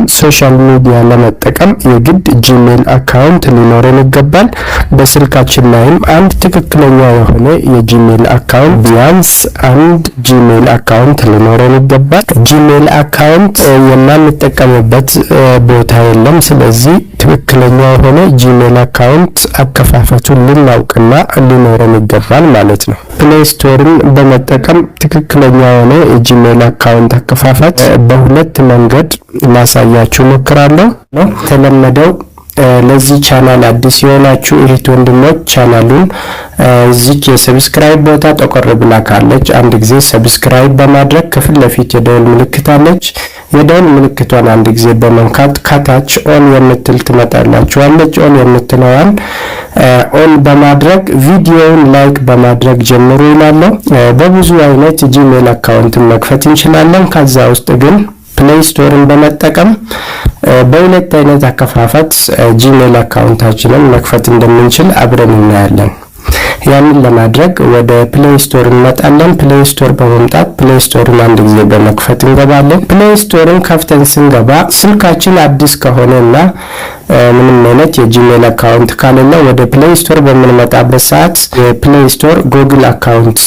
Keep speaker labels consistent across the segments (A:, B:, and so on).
A: አሁን ሶሻል ሚዲያ ለመጠቀም የግድ ጂሜል አካውንት ሊኖረን ይገባል። በስልካችን ላይም አንድ ትክክለኛ የሆነ የጂሜል አካውንት ቢያንስ አንድ ጂሜል አካውንት ሊኖረን ይገባል። ጂሜል አካውንት የማንጠቀምበት ቦታ የለም። ስለዚህ ትክክለኛ የሆነ ጂሜል አካውንት አከፋፈቱን ልናውቅና ሊኖረን ይገባል ማለት ነው። ፕሌይ ስቶርን በመጠቀም ትክክለኛ የሆነ የጂሜል አካውንት አከፋፈት በሁለት መንገድ ላሳያችሁ ሞክራለሁ። ተለመደው ለዚህ ቻናል አዲስ የሆናችሁ እህት ወንድሞች ቻናሉን እዚች የሰብስክራይብ ቦታ ጠቆር ብላ ካለች አንድ ጊዜ ሰብስክራይብ በማድረግ ከፊት ለፊት የደወል ምልክት አለች የዳውን ምልክቷን አንድ ጊዜ በመንካት ከታች ኦን የምትል ትመጣላችኋለች። ኦን የምትለዋን ኦን በማድረግ ቪዲዮውን ላይክ በማድረግ ጀምሩ ይላለሁ። በብዙ አይነት ጂሜል አካውንትን መክፈት እንችላለን። ከዛ ውስጥ ግን ፕሌይ ስቶርን በመጠቀም በሁለት አይነት አከፋፈት ጂሜል አካውንታችንን መክፈት እንደምንችል አብረን እናያለን። ያንን ለማድረግ ወደ ፕሌይ ስቶር እንመጣለን። ፕሌይ ስቶር በመምጣት ፕሌይ ስቶርን አንድ ጊዜ በመክፈት እንገባለን። ፕሌይ ስቶርን ከፍተን ስንገባ ስልካችን አዲስ ከሆነ እና ምንም አይነት የጂሜል አካውንት ካሌለ ወደ ፕሌይ ስቶር በምንመጣበት ሰዓት የፕሌይ ስቶር ጉግል አካውንት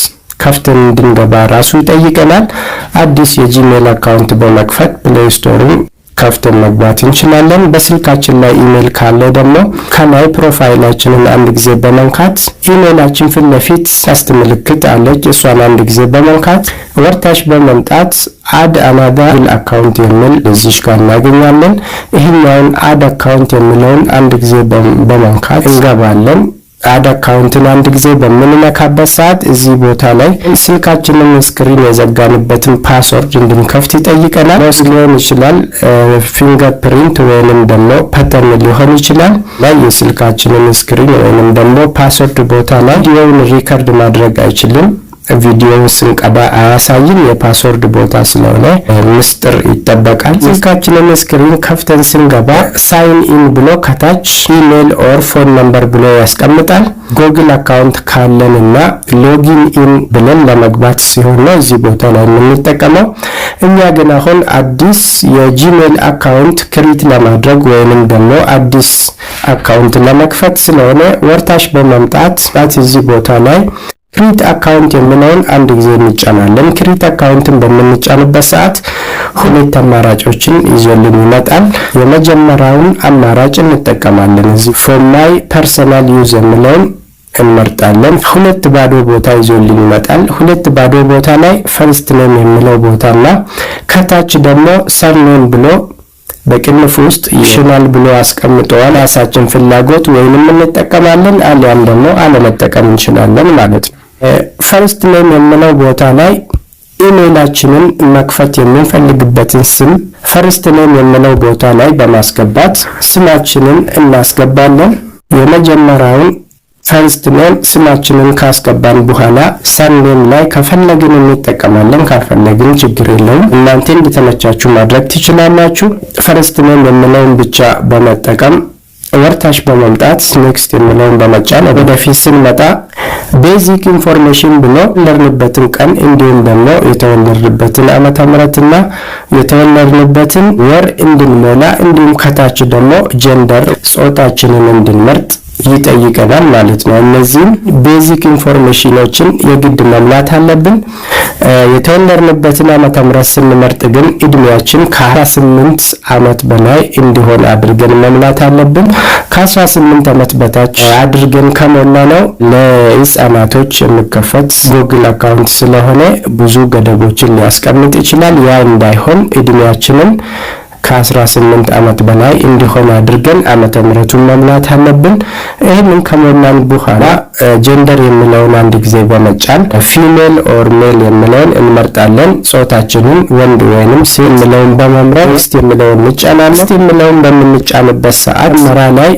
A: ከፍተን እንድንገባ ራሱ ይጠይቀናል። አዲስ የጂሜል አካውንት በመክፈት ፕሌይ ስቶርን ከፍተን መግባት እንችላለን። በስልካችን ላይ ኢሜል ካለ ደግሞ ከላይ ፕሮፋይላችንን አንድ ጊዜ በመንካት ኢሜይላችን ፊት ለፊት ቀስት ምልክት አለች። እሷን አንድ ጊዜ በመንካት ወርታች በመምጣት አድ አናዳ ግል አካውንት የሚል እዚሽ ጋር እናገኛለን። ይህኛውን አድ አካውንት የሚለውን አንድ ጊዜ በመንካት እንገባለን። አድ አካውንትን አንድ ጊዜ በምንነካበት ሰዓት እዚህ ቦታ ላይ ስልካችንን ስክሪን የዘጋንበትን ፓስወርድ እንድንከፍት ይጠይቀናል። ሞስ ሊሆን ይችላል፣ ፊንገር ፕሪንት ወይንም ደግሞ ፓተርን ሊሆን ይችላል። ላይ የስልካችንን ስክሪን ወይንም ደግሞ ፓስወርድ ቦታ ላይ ቪዲዮውን ሪከርድ ማድረግ አይችልም። ቪዲዮውን ስንቀባ አያሳይም። የፓስወርድ ቦታ ስለሆነ ምስጢር ይጠበቃል። ስልካችንን ስክሪን ከፍተን ስንገባ ሳይን ኢን ብሎ ከታች ኢሜል ኦር ፎን ነምበር ብሎ ያስቀምጣል። ጎግል አካውንት ካለን እና ሎጊን ኢን ብለን ለመግባት ሲሆን ነው እዚህ ቦታ ላይ የምንጠቀመው። እኛ ግን አሁን አዲስ የጂሜል አካውንት ክሪት ለማድረግ ወይንም ደግሞ አዲስ አካውንት ለመክፈት ስለሆነ ወርታች በመምጣት ት እዚህ ቦታ ላይ ክሬት አካውንት የምለውን አንድ ጊዜ እንጫናለን። ክሬት አካውንትን በምንጫንበት ሰዓት ሁለት አማራጮችን ይዞልን ይመጣል። የመጀመሪያውን አማራጭ እንጠቀማለን። እዚህ ፎር ማይ ፐርሰናል ዩዝ የምለውን እንመርጣለን። ሁለት ባዶ ቦታ ይዞልን ይመጣል። ሁለት ባዶ ቦታ ላይ ፈርስት ኔም የሚለው ቦታና ከታች ደግሞ ሰርኔም ብሎ በቅንፍ ውስጥ ይሽናል ብሎ አስቀምጠዋል። ራሳችን ፍላጎት ወይንም እንጠቀማለን፣ አሊያም ደግሞ አለመጠቀም እንችላለን ማለት ነው። ፈርስት ኔም የምለው ቦታ ላይ ኢሜይላችንን መክፈት የምንፈልግበትን ስም ፈርስት ኔም የምለው ቦታ ላይ በማስገባት ስማችንን እናስገባለን። የመጀመሪያውን ፈርስት ኔም ስማችንን ካስገባን በኋላ ሰንኔም ላይ ከፈለግን እንጠቀማለን፣ ካልፈለግን ችግር የለውም። እናንተ እንድተመቻችሁ ማድረግ ትችላላችሁ። ፈርስት ኔም የምለውን ብቻ በመጠቀም ወርታች በመምጣት ኔክስት የሚለውን በመጫን ወደፊት ስንመጣ ቤዚክ ኢንፎርሜሽን ብሎ የተወለድንበትን ቀን እንዲሁም ደግሞ የተወለድንበትን ዓመተ ምሕረትና የተወለድንበትን ወር እንድንሞላ እንዲሁም ከታች ደግሞ ጀንደር ጾታችንን እንድንመርጥ ይጠይቀናል ማለት ነው። እነዚህም ቤዚክ ኢንፎርሜሽኖችን የግድ መሙላት አለብን። የተወለድንበትን ዓመተ ምሕረት ስንመርጥ ግን እድሜያችን ከ18 ዓመት በላይ እንዲሆን አድርገን መሙላት አለብን። ከ18 ዓመት በታች አድርገን ከሞላ ነው ለህፃናቶች የሚከፈት ጉግል አካውንት ስለሆነ ብዙ ገደቦችን ሊያስቀምጥ ይችላል። ያ እንዳይሆን እድሜያችንን ከ18 ዓመት በላይ እንዲሆን አድርገን ዓመተ ምሕረቱን መሙላት አለብን። ይህንን ከሞላን በኋላ ጀንደር የሚለውን አንድ ጊዜ በመጫን ፊሜል ኦር ሜል የሚለውን እንመርጣለን። ጾታችንን ወንድ ወይንም ሴት የሚለውን በመምረጥ ስት የሚለውን እንጫናለን። ስት የሚለውን በምንጫንበት ሰዓት መራ ላይ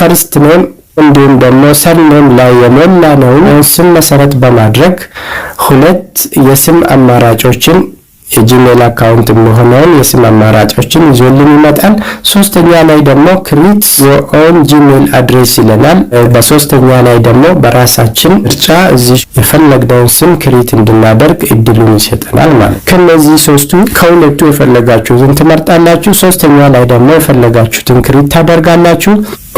A: ፈርስት ኔም እንዲሁም ደግሞ ሰርኔም ላይ የሞላነውን ስም መሰረት በማድረግ ሁለት የስም አማራጮችን የጂሜል አካውንት የሚሆነውን የስም አማራጮችን ይዞልን ይመጣል። ሶስተኛ ላይ ደግሞ ክሪት ኦን ጂሜል አድሬስ ይለናል። በሶስተኛ ላይ ደግሞ በራሳችን ምርጫ እዚህ የፈለግነውን ስም ክሪት እንድናደርግ እድሉን ይሰጠናል ማለት። ከነዚህ ሶስቱ ከሁለቱ የፈለጋችሁትን ትመርጣላችሁ። ሶስተኛ ላይ ደግሞ የፈለጋችሁትን ክሪት ታደርጋላችሁ።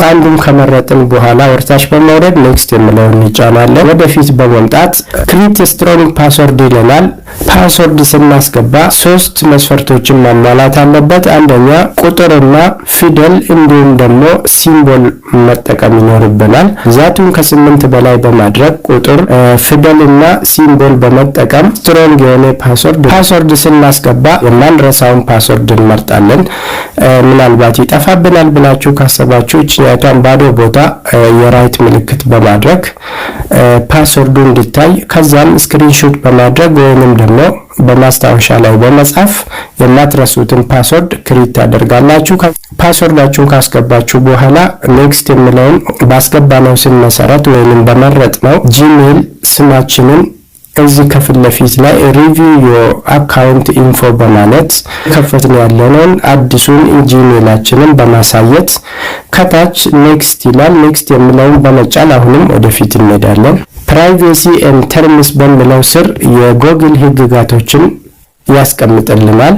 A: አንዱን ከመረጥን በኋላ ወርታች በመውረድ ኔክስት የምለውን እንጫናለን። ወደፊት በመምጣት ክሪት ስትሮንግ ፓስወርድ ይለናል። ፓስወርድ ስናስገባ ሶስት መስፈርቶችን ማሟላት አለበት። አንደኛ ቁጥርና ፊደል እንዲሁም ደግሞ ሲምቦል መጠቀም ይኖርብናል። ብዛቱን ከስምንት በላይ በማድረግ ቁጥር፣ ፊደልና ሲምቦል በመጠቀም ስትሮንግ የሆነ ፓስወርድ ፓስወርድ ስናስገባ የማንረሳውን ፓስወርድ እንመርጣለን። ምናልባት ይጠፋብናል ብላችሁ ካሰባችሁ መጠያቂያን ባዶ ቦታ የራይት ምልክት በማድረግ ፓስወርዱ እንዲታይ ከዛም ስክሪንሾት በማድረግ ወይንም ደግሞ በማስታወሻ ላይ በመጻፍ የማትረሱትን ፓስወርድ ክሪት ታደርጋላችሁ። ፓስወርዳችሁን ካስገባችሁ በኋላ ኔክስት የሚለውን ባስገባነው ስም መሰረት ወይንም በመረጥ ነው ጂሜል ስማችንን እዚህ ከፊት ለፊት ላይ ሪቪው ዮር አካውንት ኢንፎ በማለት ከፈትን ያለነውን አዲሱን ኢጂሜላችንን በማሳየት ከታች ኔክስት ይላል። ኔክስት የሚለውን በመጫን አሁንም ወደፊት እንሄዳለን። ፕራይቬሲ ኤንድ ተርምስ በሚለው ስር የጎግል ህግጋቶችን ያስቀምጥልናል።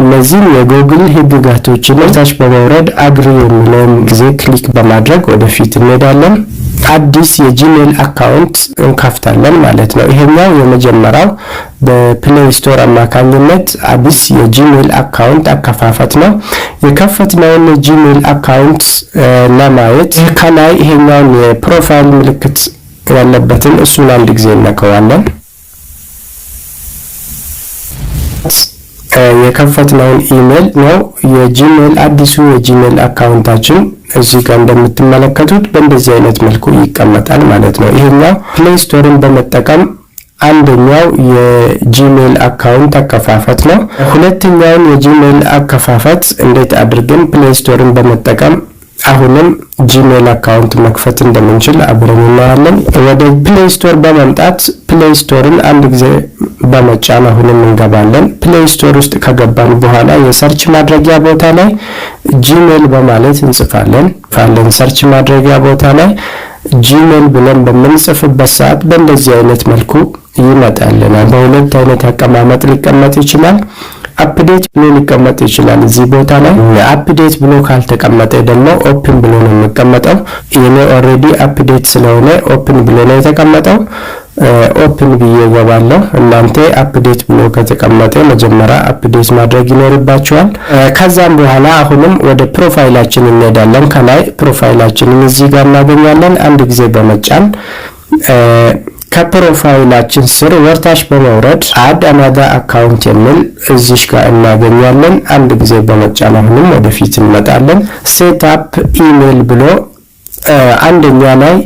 A: እነዚህም የጎግል ህግጋቶችን ታች በመውረድ አግሪ የሚለውን ጊዜ ክሊክ በማድረግ ወደፊት እንሄዳለን። አዲስ የጂሜል አካውንት እንከፍታለን ማለት ነው። ይሄኛው የመጀመሪያው በፕሌይ ስቶር አማካኝነት አዲስ የጂሜል አካውንት አከፋፈት ነው። የከፈትነውን የጂሜል አካውንት ለማየት ከላይ ይሄኛውን የፕሮፋይል ምልክት ያለበትን እሱን አንድ ጊዜ እነከዋለን። የከፈትነውን ኢሜል ነው የጂሜል አዲሱ የጂሜል አካውንታችን እዚህ ጋር እንደምትመለከቱት በእንደዚህ አይነት መልኩ ይቀመጣል ማለት ነው። ይሄኛው ፕሌይ ስቶርን በመጠቀም አንደኛው የጂሜል አካውንት አከፋፈት ነው። ሁለተኛውን የጂሜል አከፋፈት እንዴት አድርገን ፕሌይ ስቶርን በመጠቀም አሁንም ጂሜል አካውንት መክፈት እንደምንችል አብረን እናያለን። ወደ ፕሌይ ስቶር በመምጣት ፕሌይ ስቶርን አንድ ጊዜ በመጫን አሁንም እንገባለን። ፕሌይ ስቶር ውስጥ ከገባን በኋላ የሰርች ማድረጊያ ቦታ ላይ ጂሜል በማለት እንጽፋለን ካለን ሰርች ማድረጊያ ቦታ ላይ ጂሜል ብለን በምንጽፍበት ሰዓት በእንደዚህ አይነት መልኩ ይመጣልናል። በሁለት አይነት አቀማመጥ ሊቀመጥ ይችላል። አፕዴት ብሎ ሊቀመጥ ይችላል። እዚህ ቦታ ላይ አፕዴት ብሎ ካልተቀመጠ ደግሞ ኦፕን ብሎ ነው የሚቀመጠው። ይኔ ኦልሬዲ አፕዴት ስለሆነ ኦፕን ብሎ ነው የተቀመጠው። ኦፕን ብዬ ገባለሁ። እናንተ አፕዴት ብሎ ከተቀመጠ መጀመሪያ አፕዴት ማድረግ ይኖርባቸዋል። ከዛም በኋላ አሁንም ወደ ፕሮፋይላችን እንሄዳለን። ከላይ ፕሮፋይላችንን እዚህ ጋር እናገኛለን። አንድ ጊዜ በመጫን ከፕሮፋይላችን ስር ወርታች በመውረድ አድ አናዳ አካውንት የሚል እዚሽ ጋር እናገኛለን። አንድ ጊዜ በመጫን አሁንም ወደፊት እንመጣለን። ሴታፕ ኢሜል ብሎ አንደኛ ላይ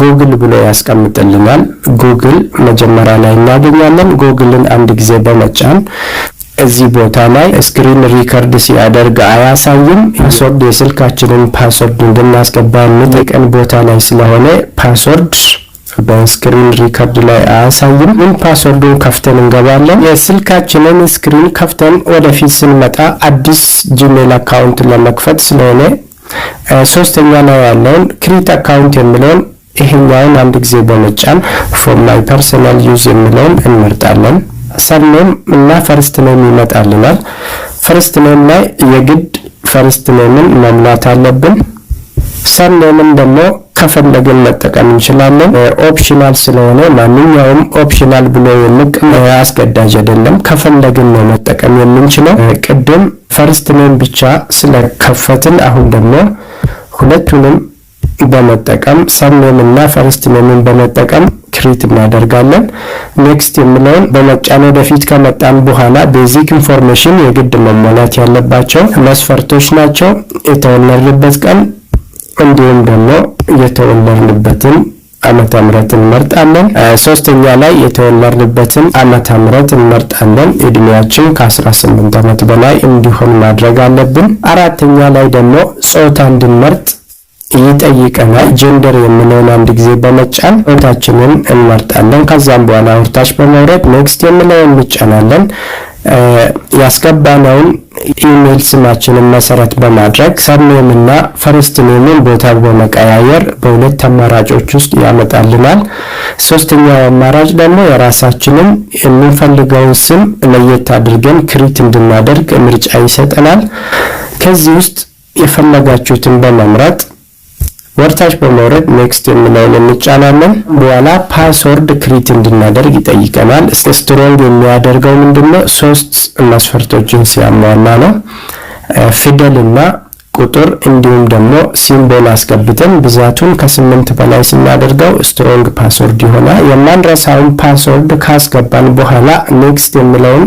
A: ጉግል ብሎ ያስቀምጥልናል። ጉግል መጀመሪያ ላይ እናገኛለን። ጉግልን አንድ ጊዜ በመጫን እዚህ ቦታ ላይ ስክሪን ሪከርድ ሲያደርግ አያሳይም። ፓስወርድ የስልካችንን ፓስወርድ እንድናስገባ የሚጠይቀን ቦታ ላይ ስለሆነ ፓስወርድ በስክሪን ሪከርድ ላይ አያሳይም። ምን ፓስወርዱን ከፍተን እንገባለን። የስልካችንን ስክሪን ከፍተን ወደፊት ስንመጣ አዲስ ጂሜል አካውንት ለመክፈት ስለሆነ ሶስተኛ ላይ ያለውን ክሪት አካውንት የሚለውን ይሄኛውን አንድ ጊዜ በመጫን ፎር ማይ ፐርሰናል ዩዝ የሚለውን እንመርጣለን። ሰርኔም እና ፈርስት ኔም ይመጣልናል። ፈርስት ኔም ላይ የግድ ፈርስት ኔምን መሙላት አለብን። ሰርኔምን ደግሞ ከፈለግን መጠቀም እንችላለን። ኦፕሽናል ስለሆነ ማንኛውም ኦፕሽናል ብሎ የሚቅ አስገዳጅ አይደለም። ከፈለግን ነው መጠቀም የምንችለው። ቅድም ፈርስት ኔም ብቻ ስለከፈትን አሁን ደግሞ ሁለቱንም በመጠቀም ሰብኔም እና ፈርስት ኔምን በመጠቀም ክሪት እናደርጋለን። ኔክስት የምለውን በመጫን ወደፊት ከመጣን በኋላ ቤዚክ ኢንፎርሜሽን የግድ መሞላት ያለባቸው መስፈርቶች ናቸው። የተወለድንበት ቀን እንዲሁም ደግሞ የተወለድንበትን ዓመተ ምሕረት እንመርጣለን። ሶስተኛ ላይ የተወለድንበትን ዓመተ ምሕረት እንመርጣለን። እድሜያችን ከ18 ዓመት በላይ እንዲሆን ማድረግ አለብን። አራተኛ ላይ ደግሞ ጾታ እንድንመርጥ ይጠይቀናል። ጀንደር የምለውን አንድ ጊዜ በመጫን ጾታችንን እንመርጣለን። ከዛም በኋላ ወርታች በመውረድ ኔክስት የምለውን እንጫናለን። ያስገባነውን ኢሜል ስማችንን መሰረት በማድረግ ሰርኔም እና ፈርስት ኔምን ቦታ በመቀያየር በሁለት አማራጮች ውስጥ ያመጣልናል። ሶስተኛው አማራጭ ደግሞ የራሳችንን የምንፈልገውን ስም ለየት አድርገን ክሪት እንድናደርግ ምርጫ ይሰጠናል። ከዚህ ውስጥ የፈለጋችሁትን በመምረጥ ወርታች በመውረድ ኔክስት የምለውን እንጫናለን። በኋላ ፓስወርድ ክሪት እንድናደርግ ይጠይቀናል። ስትሮንግ የሚያደርገው ምንድነው? ሶስት መስፈርቶችን ሲያሟላ ነው። ፊደል ቁጥር እንዲሁም ደግሞ ሲምቦል አስገብተን ብዛቱን ከስምንት በላይ ስናደርገው ስትሮንግ ፓስወርድ ይሆናል። የማንረሳውን ፓስወርድ ካስገባን በኋላ ኔክስት የምለውን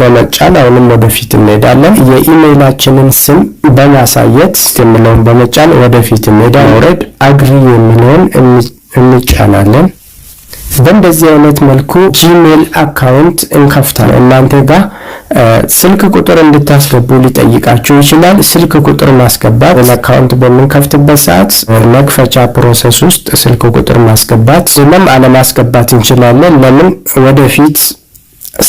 A: በመጫን አሁንም ወደፊት እንሄዳለን። የኢሜይላችንን ስም በማሳየት የሚለውን በመጫን ወደፊት እንሄዳለን። መውረድ አግሪ የሚለውን እንጫናለን። በእንደዚህ አይነት መልኩ ጂሜል አካውንት እንከፍታለን። እናንተ ጋር ስልክ ቁጥር እንድታስገቡ ሊጠይቃችሁ ይችላል። ስልክ ቁጥር ማስገባት አካውንት በምንከፍትበት ሰዓት መክፈቻ ፕሮሰስ ውስጥ ስልክ ቁጥር ማስገባት፣ ሌላም አለማስገባት እንችላለን። ለምን ወደፊት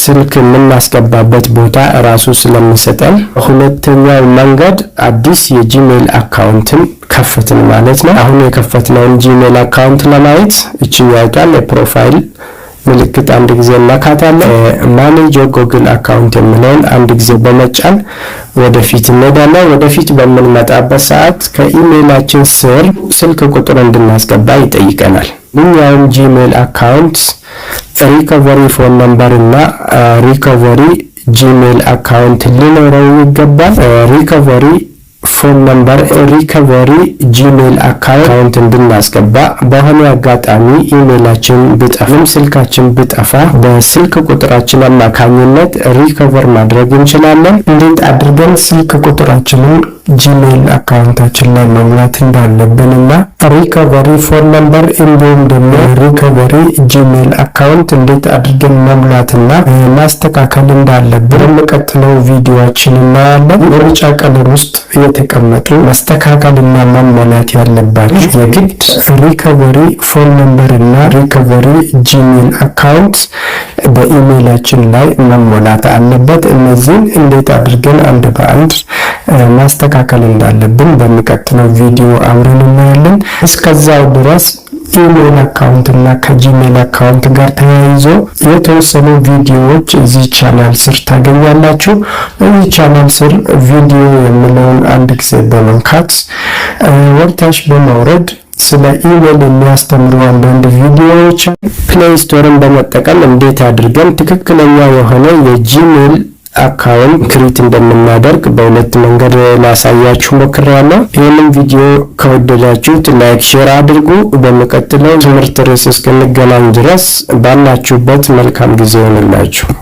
A: ስልክ የምናስገባበት ቦታ እራሱ ስለሚሰጠን፣ ሁለተኛው መንገድ አዲስ የጂሜል አካውንትን ከፍትን ማለት ነው። አሁን የከፈትነውን ጂሜል አካውንት ለማየት እችኛዋ ቃል የፕሮፋይል ምልክት አንድ ጊዜ እናካታለን። ማኔጅ ጎግል አካውንት የምለውን አንድ ጊዜ በመጫን ወደፊት እንሄዳለን። ወደፊት በምንመጣበት ሰዓት ከኢሜይላችን ስር ስልክ ቁጥር እንድናስገባ ይጠይቀናል። ማንኛውም ጂሜል አካውንት ሪከቨሪ ፎን ነምበር እና ሪከቨሪ ጂሜል አካውንት ሊኖረው ይገባል። ሪከቨሪ ፎን ነምበር፣ ሪከቨሪ ጂሜል አካውንት እንድናስገባ በሆነ አጋጣሚ ኢሜይላችን ብጠፋም ስልካችን ብጠፋ በስልክ ቁጥራችን አማካኝነት ሪከቨር ማድረግ እንችላለን። እንዴት አድርገን ስልክ ቁጥራችንን ጂሜል አካውንታችን ላይ መሙላት እንዳለብን እና ሪከቨሪ ፎን ነምበር እንዲሁም ደግሞ ሪከቨሪ ጂሜይል አካውንት እንዴት አድርገን መሙላትና ማስተካከል እንዳለብን በሚቀጥለው ቪዲዮችን እናያለን። በቢጫ ቀለም ውስጥ የተቀመጡ መስተካከልና መሞላት ያለባቸው የግድ ሪከቨሪ ፎን ነምበር እና ሪከቨሪ ጂሜይል አካውንት በኢሜይላችን ላይ መሞላት አለበት። እነዚህን እንዴት አድርገን አንድ በአንድ ማስተካከል እንዳለብን በሚቀጥለው ቪዲዮ አብረን እናያለን። እስከዛው ድረስ ኢሜል አካውንት እና ከጂሜል አካውንት ጋር ተያይዞ የተወሰኑ ቪዲዮዎች እዚህ ቻናል ስር ታገኛላችሁ። እዚህ ቻናል ስር ቪዲዮ የሚለውን አንድ ጊዜ በመንካት ወርታሽ በማውረድ ስለ ኢሜል የሚያስተምሩ አንዳንድ ቪዲዮዎች ፕሌይ ስቶርን በመጠቀም እንዴት አድርገን ትክክለኛ የሆነ የጂሜል አካውንት ክሪት እንደምናደርግ በሁለት መንገድ ላሳያችሁ ሞክሬያለሁ። ይህንም ቪዲዮ ከወደዳችሁት ላይክ፣ ሼር አድርጉ። በሚቀጥለው ትምህርት ርዕስ እስክንገናኝ ድረስ ባላችሁበት መልካም ጊዜ ይሆንላችሁ።